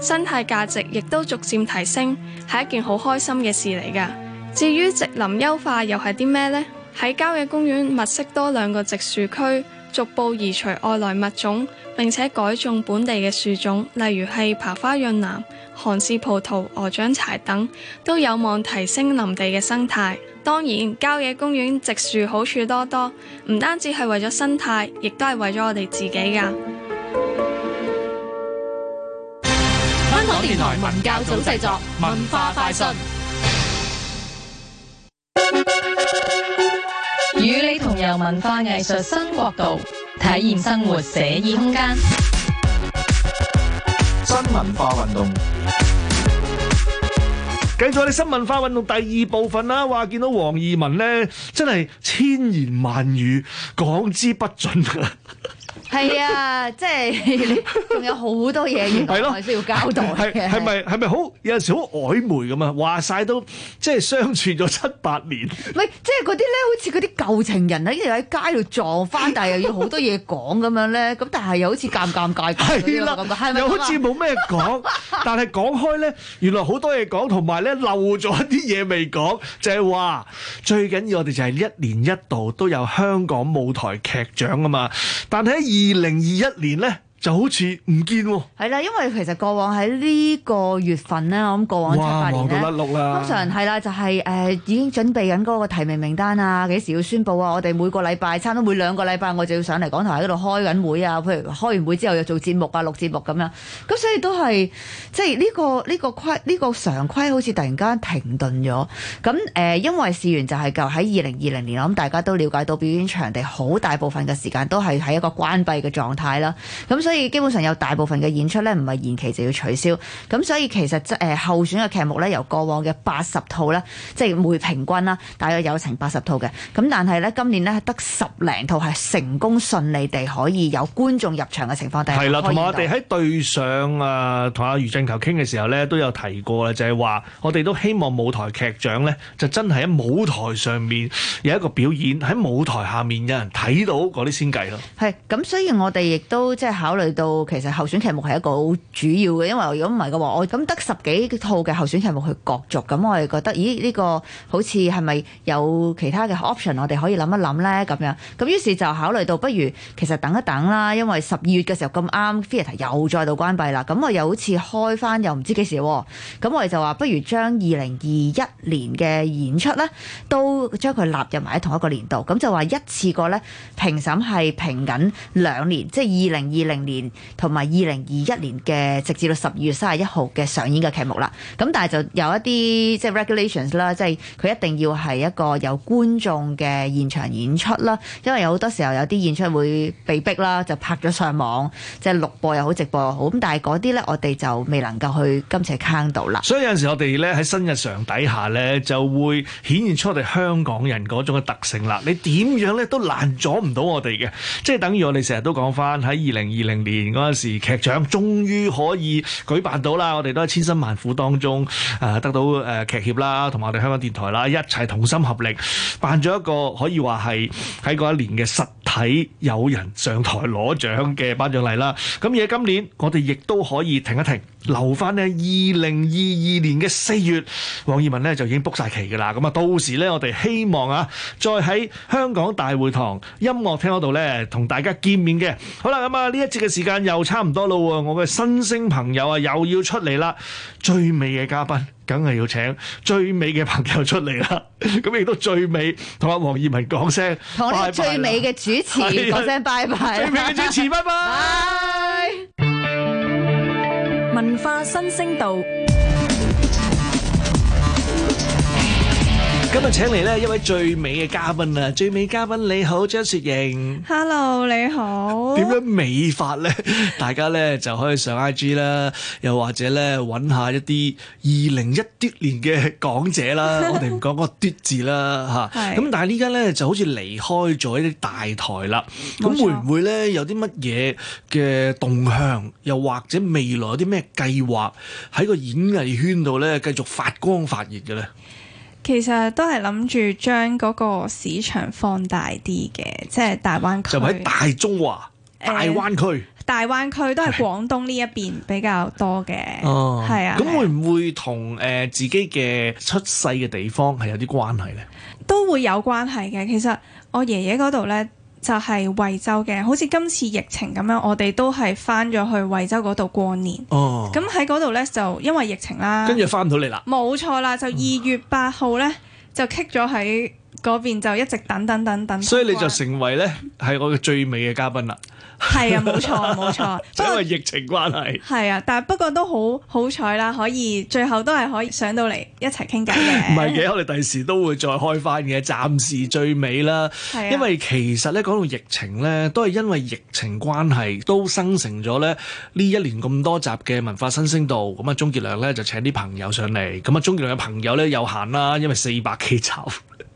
生態價值亦都逐漸提升，係一件好開心嘅事嚟噶。至於植林優化又係啲咩呢？喺郊野公園物色多兩個植樹區，逐步移除外來物種，並且改種本地嘅樹種，例如係爬花潤楠、韓氏葡萄、鵝掌柴等，都有望提升林地嘅生態。當然，郊野公園植樹好處多多，唔單止係為咗生態，亦都係為咗我哋自己噶。年來文教早製作文化快訊，與你同遊文化藝術新國度，體驗生活寫意空間。新文化運動，繼續你新文化運動第二部分啦。話見到黃懿雯呢，真係千言萬語講之不盡。 係 啊，即係你仲有好多嘢要同我、 啊、需要交代嘅。係咪，係咪好有陣時好曖昧咁啊？話晒都即係相處咗七八年。唔即係嗰啲咧，好似嗰啲舊情人喺度喺街度撞翻，但係又要好多嘢講咁樣咧。咁但係又好似尷尬，係啦、 啊，又好似冇咩講。但係講開咧，原來好多嘢講，同埋咧漏咗一啲嘢未講，就係、係、話最緊要我哋就係一年一度都有香港舞台劇獎啊嘛。但係喺二。二零二一年呢。就好似唔見喎，係啦，因為其實過往喺呢個月份呢，我諗過往七八年咧，通常係啦，就係、是、誒、呃、已經準備緊嗰個提名名單啊，幾時要宣布啊？我哋每個禮拜，差唔多每兩個禮拜，我就要上嚟港台喺度開緊會啊。譬如開完會之後又做節目啊，錄節目咁樣，咁所以都係即係呢個呢、呢個規呢、呢個常規，好似突然間停頓咗。咁誒、呃，因為事源就係就喺二零二零年，我諗大家都了解到表演場地好大部分嘅時間都係喺一個關閉嘅狀態啦。咁所以。所以基本上有大部分嘅演出咧，唔係延期就要取消。咁所以其實誒、呃、候選嘅劇目咧，由過往嘅八十套咧，即係每平均啦，大約有成八十套嘅。咁但係咧，今年咧得十零套係成功順利地可以有觀眾入場嘅情況底下係啦，同埋的我哋喺對上啊，同阿余振球傾嘅時候咧，都有提過啦，就係話我哋都希望舞台劇獎咧，就真係喺舞台上面有一個表演，喺舞台下面有人睇到嗰啲先計咯。係。咁所以我哋亦都即係考。考慮到其實候選劇目係一個好主要嘅，因為如果唔係嘅話，我咁得十幾套嘅候選劇目去角逐，咁我哋覺得，咦呢個好似係咪有其他嘅 option，我哋可以諗一諗咧咁樣。咁於是就考慮到，不如其實等一等啦，因為十二月嘅時候咁啱，Fiat 又再度關閉啦，咁我又好似開翻，又唔知幾時。咁我哋就話不如將二零二一年嘅演出咧，都將佢納入埋喺同一個年度，咁就話一次過咧評審係評緊兩年，即係二零二零。年同埋二零二一年嘅直至到十二月三十一號嘅上演嘅劇目啦，咁但係就有一啲即係 regulations 啦，即係佢一定要係一個有觀眾嘅現場演出啦，因為有好多時候有啲演出會被逼啦，就拍咗上網，即係錄播又好直播又好，咁但係嗰啲咧我哋就未能夠去今次 count 到啦。所以有陣時我哋咧喺新日常底下咧就會顯現出我哋香港人嗰種嘅特性啦。你點樣咧都難阻唔到我哋嘅，即係等於我哋成日都講翻喺二零二零。年嗰陣時，劇獎終於可以舉辦到啦！我哋都係千辛萬苦當中，誒得到誒劇協啦，同埋我哋香港電台啦，一齊同心合力，辦咗一個可以話係喺嗰一年嘅實體有人上台攞獎嘅頒獎禮啦。咁而喺今年，我哋亦都可以停一停，留翻咧二零二二年嘅四月，黃懿雯咧就已經 book 晒期噶啦。咁啊，到時咧，我哋希望啊，再喺香港大會堂音樂廳嗰度咧，同大家見面嘅。好啦，咁啊，呢一節嘅。時間又差唔多咯喎，我嘅新星朋友啊又要出嚟啦，最美嘅嘉賓梗係要請最美嘅朋友出嚟啦，咁 亦都最美同阿黃懿雯講聲，同我哋最美嘅主持講聲拜拜，最美嘅主持拜拜，文化新星道。今日請嚟咧一位最美嘅嘉賓啊！最美嘉賓你好，張雪瑩。Hello，你好。點樣美法咧？ 大家咧就可以上 I G 啦，又或者咧搵下一啲二零一啲年嘅港姐啦。 我哋唔講嗰個啲字啦，吓 是。咁但係呢家咧就好似離開咗一啲大台啦。咁錯會唔會咧有啲乜嘢嘅動向？又或者未來有啲咩計劃喺個演藝圈度咧繼續發光發熱嘅咧？其實都係諗住將嗰個市場放大啲嘅，即係大灣區。就喺大中華、呃、大灣區、呃、大灣區都係廣東呢一邊比較多嘅，哦、嗯，係啊。咁會唔會同誒自己嘅出世嘅地方係有啲關係呢？都會有關係嘅。其實我爺爺嗰度咧。就係惠州嘅，好似今次疫情咁樣，我哋都係翻咗去惠州嗰度過年。哦，咁喺嗰度呢，就因為疫情啦，跟住翻唔到嚟啦。冇錯啦，就二月八號呢，嗯、就棘咗喺嗰邊，就一直等等等等等。所以你就成為呢，係、嗯、我嘅最尾嘅嘉賓啦。係 啊，冇錯冇錯，錯因為疫情關係係 啊，但係不過都好好彩啦，可以最後都係可以上到嚟一齊傾偈嘅。唔係嘅，我哋第時都會再開翻嘅，暫時最尾啦。 啊、因為其實咧講到疫情咧，都係因為疫情關係，都生成咗咧呢一年咁多集嘅文化新星道。咁啊，鍾傑良咧就請啲朋友上嚟。咁啊，鍾傑良嘅朋友咧有限啦，因為四百幾集，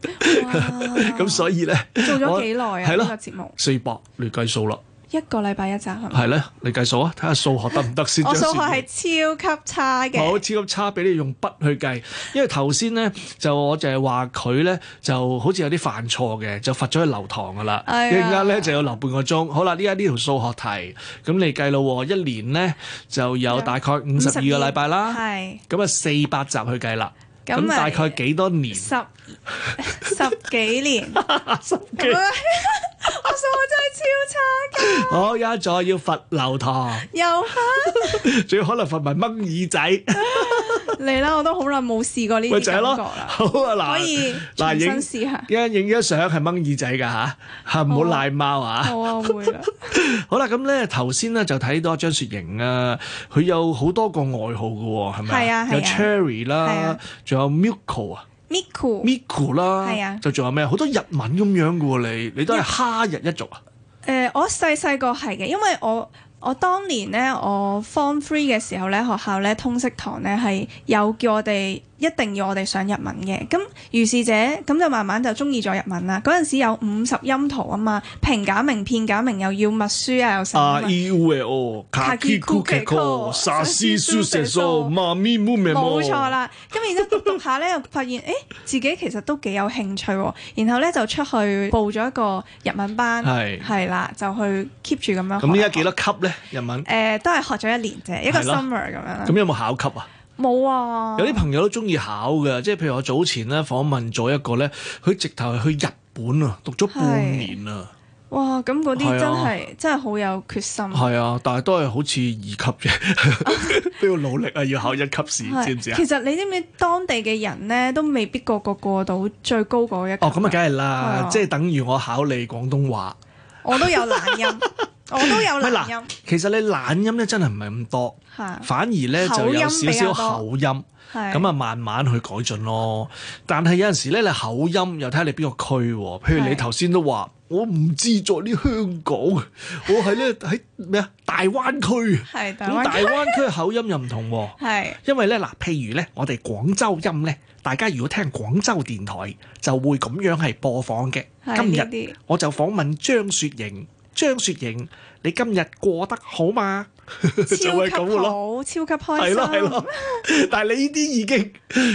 咁 哇 所以咧做咗幾耐啊？呢我了個節目四百，你計數咯。一個禮拜一集係啦，你計數啊，睇下數學得唔得先？ 我數學係超級差嘅。好，超級差，俾你用筆去計，因為頭先咧就我淨係話佢咧就好似有啲犯錯嘅，就罰咗去留堂噶啦。係啊的，一陣間咧就要留半個鐘。的好啦，依家呢條數學題咁你計咯。一年咧就有大概五十二個禮拜啦。係。咁啊，四百集去計啦。咁的大概幾多年？十十幾年。十幾年 年。 我真係超差嘅，哦， 我而家再要罰留堂，又仲要，最可能罰埋掹耳仔。嚟啦，我都好耐冇試過呢啲感覺，就是，好啊，嗱，可以重新試下。一人影一相係掹耳仔噶吓，吓唔好賴貓啊。啊啊 好啊，會。好啦，咁咧頭先咧就睇到張雪瑩啊，佢有好多個外號噶，係咪？係啊，有 Cherry 啦、啊，仲有 Miko 啊。Miku 啦，啊、就仲有咩？好多日文咁樣嘅喎，你你都係哈日一族啊？誒、呃，我細細個係嘅，因為我我當年咧，我 form three 嘅時候咧，學校咧通識堂咧係有叫我哋，一定要我哋上日文嘅，咁於是者咁就慢慢就中意咗日文啦。嗰陣時有五十音圖啊嘛，平假名、片假名又要默書啊，又寫。A I U E O K A K I K U K E K O S A S I S U S E S O M A M I M U M E M O 冇錯啦。咁然之後讀下咧，又發現誒自己其實都幾有興趣。然後咧就出去報咗一個日文班，係啦，就去 keep 住咁樣。咁依家幾多級咧日文？誒都係學咗一年啫，一個 summer 咁樣。咁有冇考級啊？冇啊！有啲朋友都中意考嘅，即係譬如我早前咧訪問咗一個咧，佢直頭係去日本啊，讀咗半年啊！哇！咁嗰啲真係真係好有決心。係啊，但係都係好似二級嘅，都 要努力啊，要考一級試 是知唔知啊？其實你知唔知當地嘅人咧都未必個個過，過到最高嗰一級？哦，咁啊，梗係啦，即係等於我考你廣東話，我都有懶音呀。我都有懶音，其實你懶音咧真係唔係咁多，啊、反而咧就有少少，少音、啊、口音，咁啊慢慢去改進咯。但係有陣時咧，你口音又睇下你邊個區喎。譬如你頭先都話，啊、我唔知在啲香港，我係咧喺咩啊大灣區。係、啊、大灣區，咁大灣區口音又唔同喎。啊、因為咧嗱，譬如咧，我哋廣州音咧，大家如果聽廣州電台就會咁樣係播放嘅。啊、今日我就訪問張雪瑩。張雪瑩，你今日過得好嗎？超級好， 就係咁噶咯，超級開心。係咯係咯，但係你呢啲已經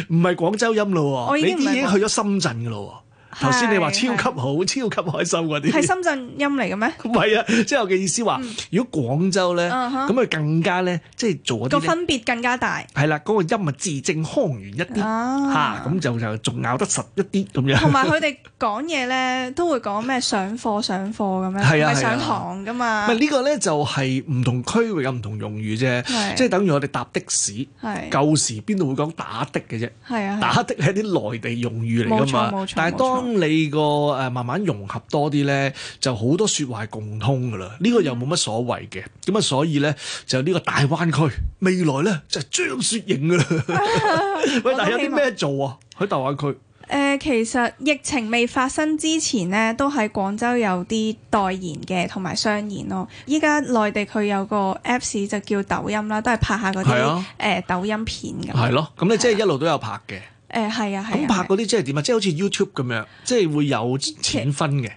唔係廣州音咯，我你啲已經去咗深圳噶咯。頭先你話超級好、超級開心嗰啲，係深圳音嚟嘅咩？唔係啊，即係我嘅意思話，如果廣州咧，咁啊更加咧，即係做嗰個分別更加大。係啦，嗰個音啊，字正腔圓一啲嚇，咁就就仲咬得實一啲咁樣。同埋佢哋講嘢咧，都會講咩上課上課咁樣，係啊上堂噶嘛？唔係呢個咧，就係唔同區域有唔同用語啫，即係等於我哋搭的士。係舊時邊度會講打的嘅啫？係啊，打的係啲內地用語嚟㗎嘛。冇錯，但係多。你個誒、呃、慢慢融合多啲咧，就好多說話係共通噶啦。呢、這個又冇乜所謂嘅。咁啊，所以咧就呢個大灣區未來咧就係、是、張雪瑩噶啦。 喂，但有啲咩做啊？喺大灣區誒，其實疫情未發生之前咧，都喺廣州有啲代言嘅同埋商演咯。依家內地佢有個 apps 就叫抖音啦，都係拍下嗰啲誒抖音片咁。係咯、啊，咁你即係一路都有拍嘅。誒係啊，咁拍嗰啲即係點啊？即係好似 YouTube 咁樣，即係會有錢分嘅。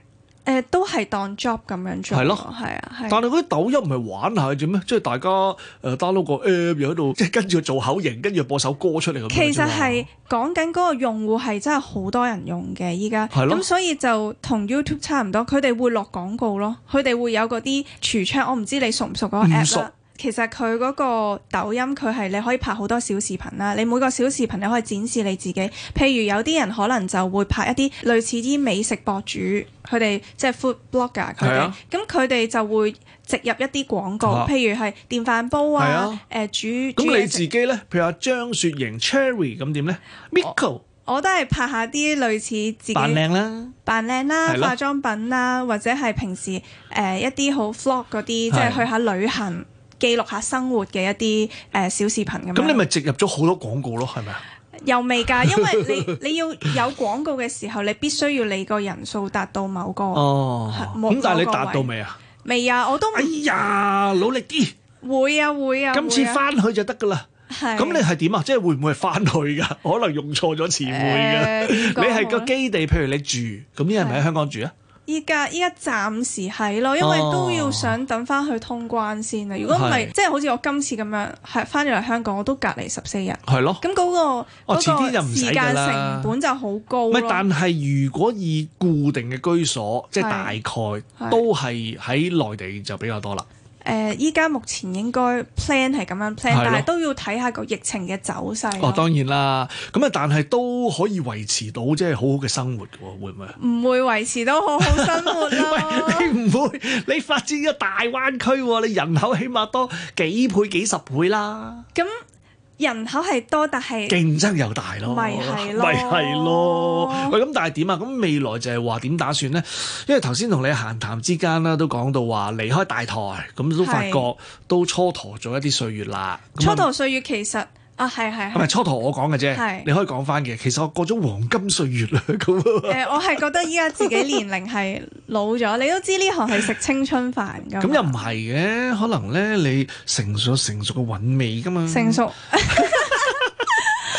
誒，都係當 job 咁樣做。係咯，係啊。但係嗰啲抖音唔係玩下啫咩？即係大家誒 download 個 app 喺度，即係跟住做口型，跟住播首歌出嚟。其實係講緊嗰個用戶係真係好多人用嘅，依家。係咯。咁所以就同 YouTube 差唔多，佢哋會落廣告咯，佢哋會有嗰啲櫥窗。我唔知你熟唔熟嗰個 app。其實佢嗰個抖音，佢係你可以拍好多小視頻啦。你每個小視頻你可以展示你自己。譬如有啲人可能就會拍一啲類似啲美食博主，佢哋即係 food blogger 佢哋。咁佢哋就會植入一啲廣告，啊、譬如係電飯煲啊，誒、啊呃、煮。咁你自己咧，譬如話張雪瑩 Cherry，咁點咧 Miko 我都係拍一下啲類似自己扮靚啦，扮靚啦，啊、化妝品啦，或者係平時誒、呃、一啲好 vlog 嗰啲，即係去下旅行。記錄下生活嘅一啲誒小視頻，咁咁你咪植入咗好多廣告咯，係咪啊？又未㗎，因為你你要有廣告嘅時候，你必須要你個人數達到某個哦。咁但係你達到未啊？未啊，我都。哎呀，努力啲、啊。會啊會啊。今次返去就得㗎啦。係。咁你係點啊？即係會唔會係返去㗎？可能用錯咗詞彙㗎。呃、 你係個基地，譬如你住，咁依家係咪喺香港住啊？依家依家暫時係咯，因為都要想等翻去通關先啦。如果唔係，的即係好似我今次咁樣，係翻咗嚟香港，我都隔離十四日。係咯的，咁嗰、嗰個嗰、哦、個時間成本就好高。哦、但係如果以固定嘅居所，的即係大概都係喺內地就比較多啦。誒，依家、呃、目前應該 plan 係咁樣 plan，咯但係都要睇下個疫情嘅走勢。哦，當然啦，咁啊，但係都可以維持到即係好好嘅生活嘅喎，會唔會啊？唔會維持到好好生活咯。 你唔會，你發展咗大灣區，啊， 你人口起碼多幾倍，幾十倍啦。咁。人口係多，但係競爭又大咯，咪係 咯，咪係咯，喂，咁但係點啊？咁未來就係話點打算咧？因為頭先同你閒談之間啦，都講到話離開大台，咁都發覺都蹉跎咗一啲歲月啦。蹉跎是樣歲月其實。啊，係係，唔係初頭我講嘅啫，是你可以講翻嘅。其實我過咗黃金歲月啦，咁 誒、呃，我係覺得依家自己年齡係老咗， 你都知呢行係食青春飯咁。咁、嗯、又唔係嘅，可能咧你成熟成熟嘅韻味噶嘛。成熟。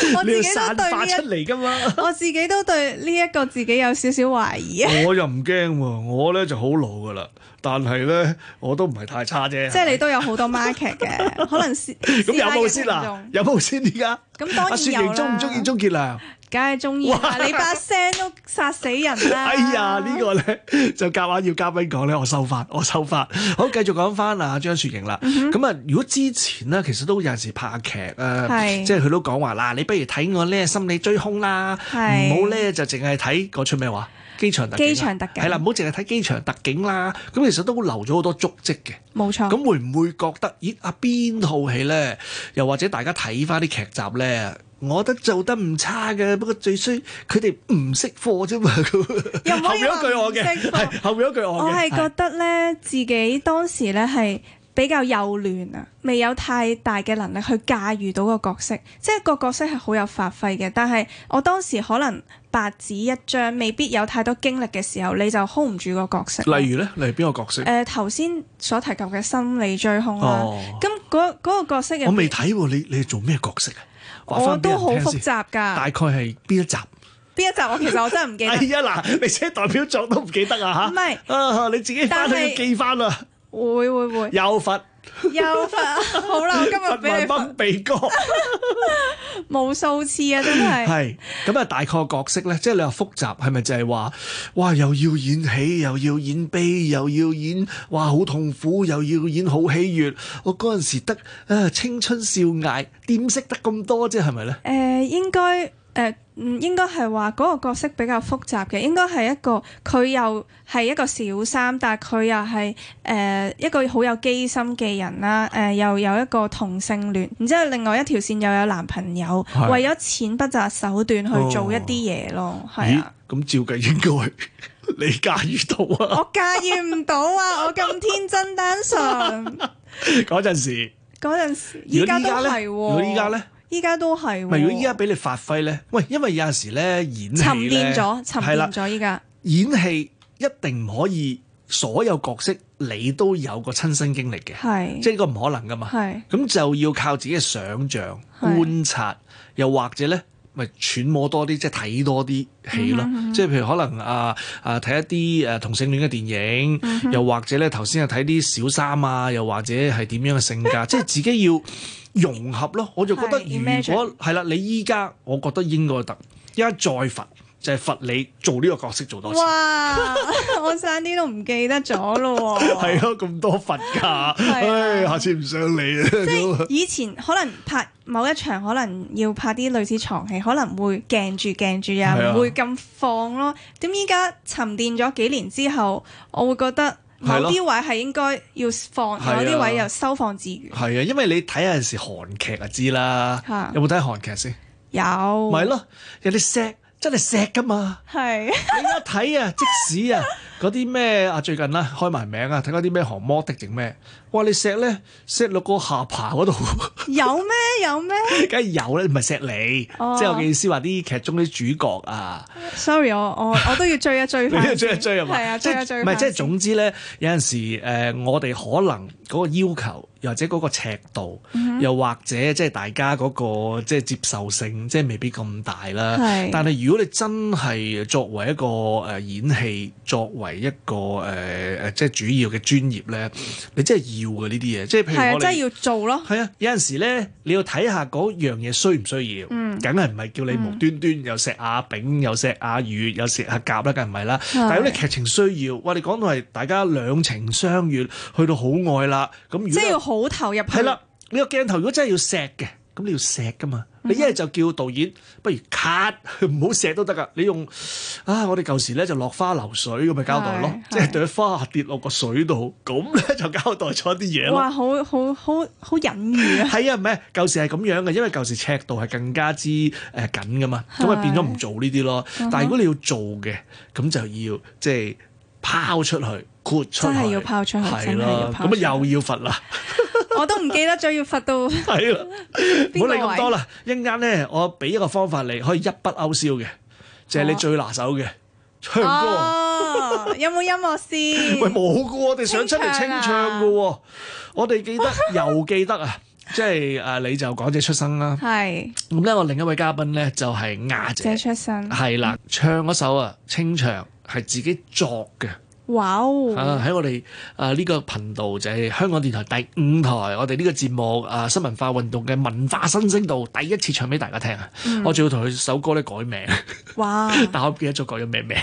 你自己都對呢一個，我自己都對呢、這、一、個、個自己有少少懷疑啊！ 我又唔驚喎，我咧就好老噶啦，但係咧我都唔係太差啫。即係你都有好多 market 嘅， 可能是咁 有冇先啦、啊？有冇先而家？咁當然有啦。阿雪瑩中唔中意鍾傑良啊？梗係中意，哇你把聲都殺死人啦！哎呀，這個，呢個咧就夾硬要嘉賓講咧，我收翻，我收翻。好，繼續講翻啊張雪瑩啦。咁啊、嗯哼，如果之前咧，其實都有時拍劇啊，是即係佢都講話嗱，你不如睇我咧心理追凶啦，唔好咧就淨係睇嗰出咩話機場特機場特警係啦，唔好淨係睇機場特警啦。咁其實都留咗好多足跡嘅，冇錯錯。咁會唔會覺得咦？啊，邊套戲咧？又或者大家睇翻啲劇集咧？我覺得做得唔差嘅，不過最衰佢哋唔識貨啫嘛。 又 後，面後面一句我嘅，係後面一句我嘅。我係覺得咧，是自己當時咧係比較幼嫩啊，未有太大嘅能力去駕馭到個角色，即係個角色係好有發揮嘅，但係我當時可能。白紙一張，未必有太多經歷嘅時候，你就 hold 唔住個角，個角色。例如咧，例如邊個角色是是？誒，頭先所提及嘅心理追兇啦。咁嗰個角色嘅我未睇喎，你你做咩角色啊？我都好複雜㗎。大概係邊一集？邊一集我其實我真係唔記得。係啊嗱，你寫代表作都唔記得啊嚇？唔係 是、啊、你自己翻去要記翻啊。會會會。會有罰。又啊， 好啦，我今日俾你分鼻哥， 無數次啊，真係。係咁啊，大概角色咧，即係你話複雜，係咪就係話，哇，又要演喜，又要演悲，又要演，哇，好痛苦，又要演好喜悅。我嗰陣時得，啊，青春少艾，點識得咁多啫，係咪咧？誒、呃，應該誒。呃嗯，應該係話嗰個角色比較複雜嘅，應該係一個佢又係一個小三，但係佢又係誒一個好有機心嘅人啦，誒又有一個同性戀，然之後另外一條線又有男朋友，啊、為咗錢不擇手段去做一啲嘢咯，係、哦、啊。咁照計應該你駕馭到啊？我駕馭唔到啊！我咁天真單純嗰陣 時，嗰陣時，而家都係喎，而家咧。依家都係，咪如果依家俾你發揮咧？喂，因為有陣時咧演戲咧，沉澱咗，沉澱咗依家。演戲一定唔可以所有角色你都有個親身經歷嘅，係是 即係個唔可能噶嘛。係咁是 就要靠自己嘅想像、是 觀察，又或者咧咪揣摩多啲，即係睇多啲戲咯。Mm hmm. 即係譬如可能啊啊睇一啲誒同性戀嘅電影，mm hmm. 又或者咧頭先係睇啲小三啊，又或者係點樣嘅性格， 即係自己要。融合咯，我就覺得如果係啦，你依家我覺得應該得。依家再罰就係、是、罰你做呢個角色做多哇！ 我差啲都唔記得咗咯喎。係咯，咁 多罰㗎， 了唉，下次唔想理啦。即係以， 以前可能拍某一場，可能要拍啲類似床戲，可能會鏡住鏡住啊，唔會咁放咯。點依家沉澱咗幾年之後，我會覺得。啲位係應該要放，有啲、啊、位又收放自如。係啊，啊，因為你睇下陣時韓劇就知啦，有冇睇韓劇先？有，咪咯，有啲錫真係錫噶嘛，點解睇啊， 即使啊。嗰啲咩啊？最近啦、啊，開埋名啊，睇嗰啲咩航模的定咩？哇！你錫咧錫落個下巴嗰度 ，有咩有咩？梗係有咧，唔係錫你，oh. 即係我嘅意思話啲劇中啲主角啊。Sorry，我我我都要追一追翻。 你又追一追係咪？係 啊，追一追。唔係即係總之咧，有陣時誒、呃，我哋可能嗰個要求，又或者嗰個尺度，mm hmm. 又或者即係大家嗰、嗰個即係接受性，即係未必咁大啦。是但係如果你真係作為一個誒演戲作為，係一個誒誒、呃，即係主要嘅專業咧，你真係要嘅呢啲嘢，即係譬如我真係要做咯。係啊，有陣時咧，你要睇下嗰樣嘢需唔需要，梗係唔係叫你無端端又錫阿炳，又錫阿宇，又錫，錫阿甲啦，梗係唔係啦。但係如果你劇情需要，我你講到係大家兩情相悅，去到好愛啦，咁即係要好投入。係啦、啊，你個鏡頭如果真係要錫嘅，咁你要錫噶嘛。你一係就叫導演，不如 cut，唔好錫都得噶。你用啊，我哋舊時咧就落花流水咁咪交代咯，即係朵花跌落個水度，咁咧就交代咗啲嘢。哇，好好好好隱喻啊！係啊，唔係，舊時係咁樣嘅，因為舊時尺度係更加之誒緊噶嘛，咁咪是變咗唔做呢啲咯。是但係如果你要做嘅，咁就要即係、就是、拋出去，豁出真係要拋出去，係咯去，咁啊了又要罰啦。我都唔記得咗，要罰到的。係啦， 唔好理咁多啦。一陣間咧，我俾一個方法你可以一筆勾銷嘅，就係、是、你最拿手嘅、哦、唱歌。 有冇音樂先？喂，冇嘅，我哋想出嚟清唱嘅。我哋記得、哦、又記得啊， 即係啊，你就港姐出身啦。係是。咁咧，我另一位嘉賓咧就係、是、亞姐，姐出身。係啦，唱嗰首啊清唱係自己作嘅。哇 Wow. 啊，喺我哋啊呢個頻道就係、是、香港電台第五台，我哋呢個節目啊新文化運動嘅文化新星道第一次唱俾大家聽啊！Mm. 我仲要同佢首歌咧改名，哇！Wow. 但我唔記得咗改咗咩名。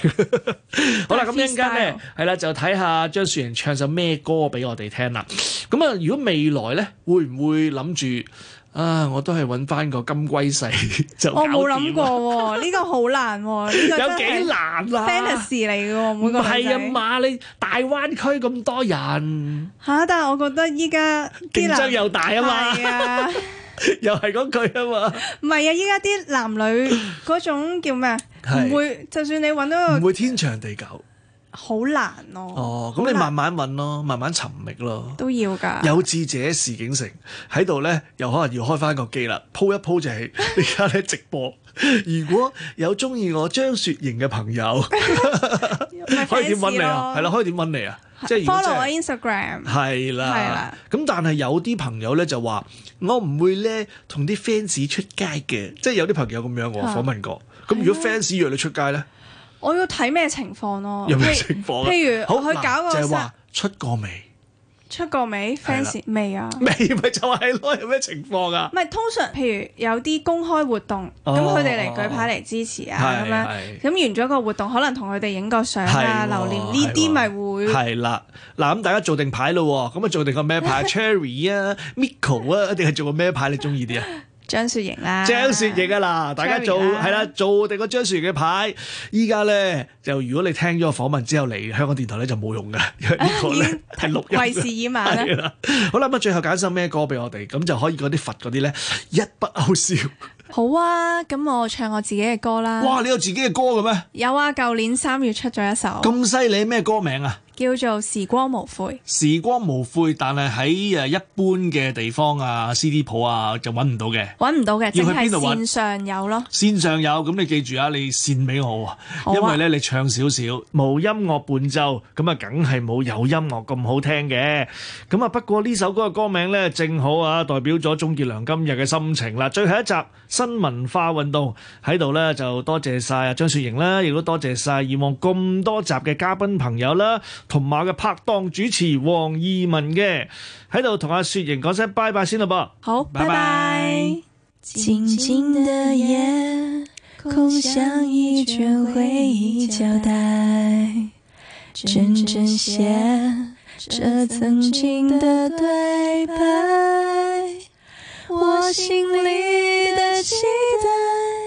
好啦，咁一陣間咧係啦，就睇下張雪瑩唱首咩歌俾我哋聽啦。咁啊，如果未來咧會唔會諗住？啊！我都係揾翻個金龜婿 就搞掂。我冇諗過喎、啊，呢、這個好難喎、啊。 有幾難啦？Fantasy 嚟㗎喎，每個唔係啊嘛，你大灣區咁多人嚇、啊，但係我覺得依家競爭又大啊嘛，啊 又係嗰句啊嘛。唔係啊，依家啲男女嗰種叫咩？唔 會，就算你揾到，唔會天長地久。好難咯、啊。哦，咁難你慢慢問咯，慢慢尋覓咯。都要噶。有志者事竟成，喺度咧又可能要開翻個機啦，鋪一鋪就係而家咧直播。 如果有中意我張雪瑩嘅朋友， 可以點搵你啊？係啦，可以點搵你啊？即係 follow 我 Instagram。係、啊、啦。係啦。咁但係有啲朋友咧就話，我唔會咧同啲 fans 出街嘅，即、就、係、是、有啲朋友咁樣我訪問過。咁 如果 fans 約你出街咧？我要睇咩情況咯？有咩情況？譬如，佢搞個出過未？出過未 fans 未啊？未咪就係咯，有咩情況啊？咪通常，譬如有啲公開活動，咁佢哋嚟舉牌嚟支持啊，咁樣咁完咗個活動，可能同佢哋影個相啊，留念呢啲咪會係啦。嗱，咁大家做定牌咯，咁啊做定個咩牌？Cherry 啊，Miko 啊，一定係做個咩牌？你中意啲啊？張雪瑩啦、啊，張雪瑩啊嗱，大家做係了啦，做定個張雪瑩嘅牌。依家咧就如果你聽咗個訪問之後嚟，香港電台咧就冇用嘅，因為個呢個咧係錄音，為、啊、 時已晚啦。好啦，咁最後揀首咩歌俾我哋，咁就可以嗰啲佛嗰啲咧一筆勾銷。好啊，咁我唱我自己嘅歌啦。哇，你有自己嘅歌嘅咩？有啊，舊年三月出咗一首。咁犀利，咩歌名啊？叫做時光無悔，時光無悔，但係喺誒一般嘅地方啊，CD 鋪啊就揾唔到嘅，揾唔到嘅。要去邊度揾？線上有咯，線上有，咁你記住啊，你線俾我啊，因為咧你唱少少，冇音樂伴奏，咁啊梗係冇有音樂咁好聽嘅，咁啊不過呢首歌嘅歌名咧，正好啊代表咗鍾傑良今日嘅心情啦。最後一集新文化運動喺度咧，就多謝晒啊張雪瑩啦，亦都多謝晒以往咁多集嘅嘉賓朋友啦。同馬嘅拍檔主持黃懿雯嘅喺度同阿雪瑩講聲拜拜先啦噃，好，拜拜。的 bye 靜靜的夜空，像一卷回憶膠帶，陣陣寫着曾經嘅對白。我心裡的期待。